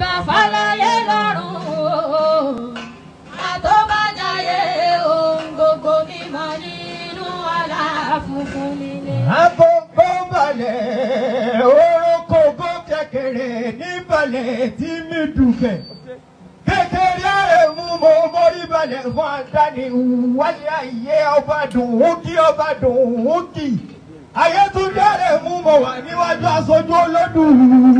bá fàlàyé lọ́rùn o àtọ́bàjáyé ohun gbogbo mímọ́ nínú ọ̀la funfun nílé. abọ́bọ́ balẹ̀ orókò bó kékeré níbalẹ̀ tí mi dùbẹ̀ kékeré ẹ̀mú mo mórí balẹ̀ fún àdáni wálé ayé ọba dùn ún kí ọba dùn ún kì ayétúndé rẹ̀ mú mo wà níwájú aṣojú olódùn.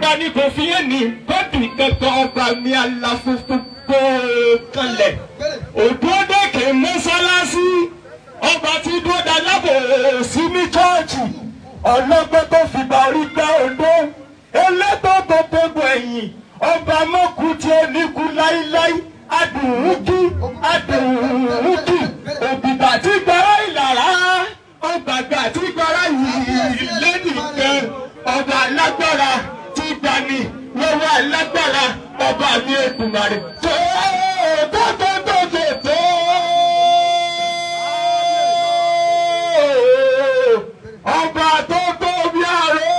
ọba ní kò fi yẹn ní bọ́dì kankan ọba mi aláfúnfún gbòókanlẹ̀ òdòdókè mọ́sálásí ọba tí dúdà lábò sí ní chọ́ọ̀chì ọlọ́gbọ́n tó fi bàrí gbá Oǹdó elétò tó gbogbo ẹ̀yìn ọba mọ́kù tí ó níkú láíláí adùnúkí adùnúkí òbíbà tí gbọ́rọ̀ ìlàrá ọgbàgbà tí gbọ́rọ̀ yìí lẹ́nìkan ọba alágbára mi lọ́wọ́ alágbára ọba mi Èdùmàrè tó tó tó tó tó tó. ọba tó tó bí àrò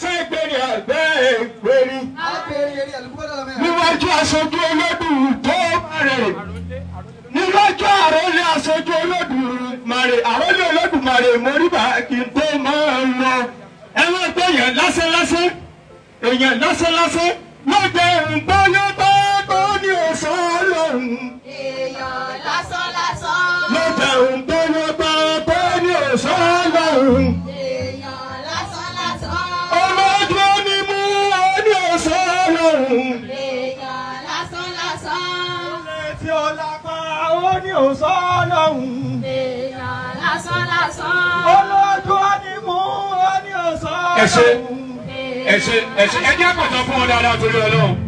ṣègbèrè àgbẹ̀ ègbèrè níwájú aṣojú olódùn tó rẹ̀ níwájú àròlé aṣojú olódùn màrè àròlé olódùn màrè mórí bá kí n tó èèyàn lásánlásán èèyàn lásánlásán lóde ńbọ́yọ́bá tó ní òsán lòun. èèyàn lásánlásán. lóde ńbọ́yọ́bá tó ní òsán lòun. èèyàn lásánlásán. ọlọ́dún ni mú ọ ní òsán lòun. èèyàn lásánlásán. olè tí ó lápá ó ní òsán lòun. èèyàn lásánlásán ẹ ṣé ẹ ṣé ẹ ṣé ẹ jẹ́ àpàtàn fún ọ dáadáa torí Ọlọ́run.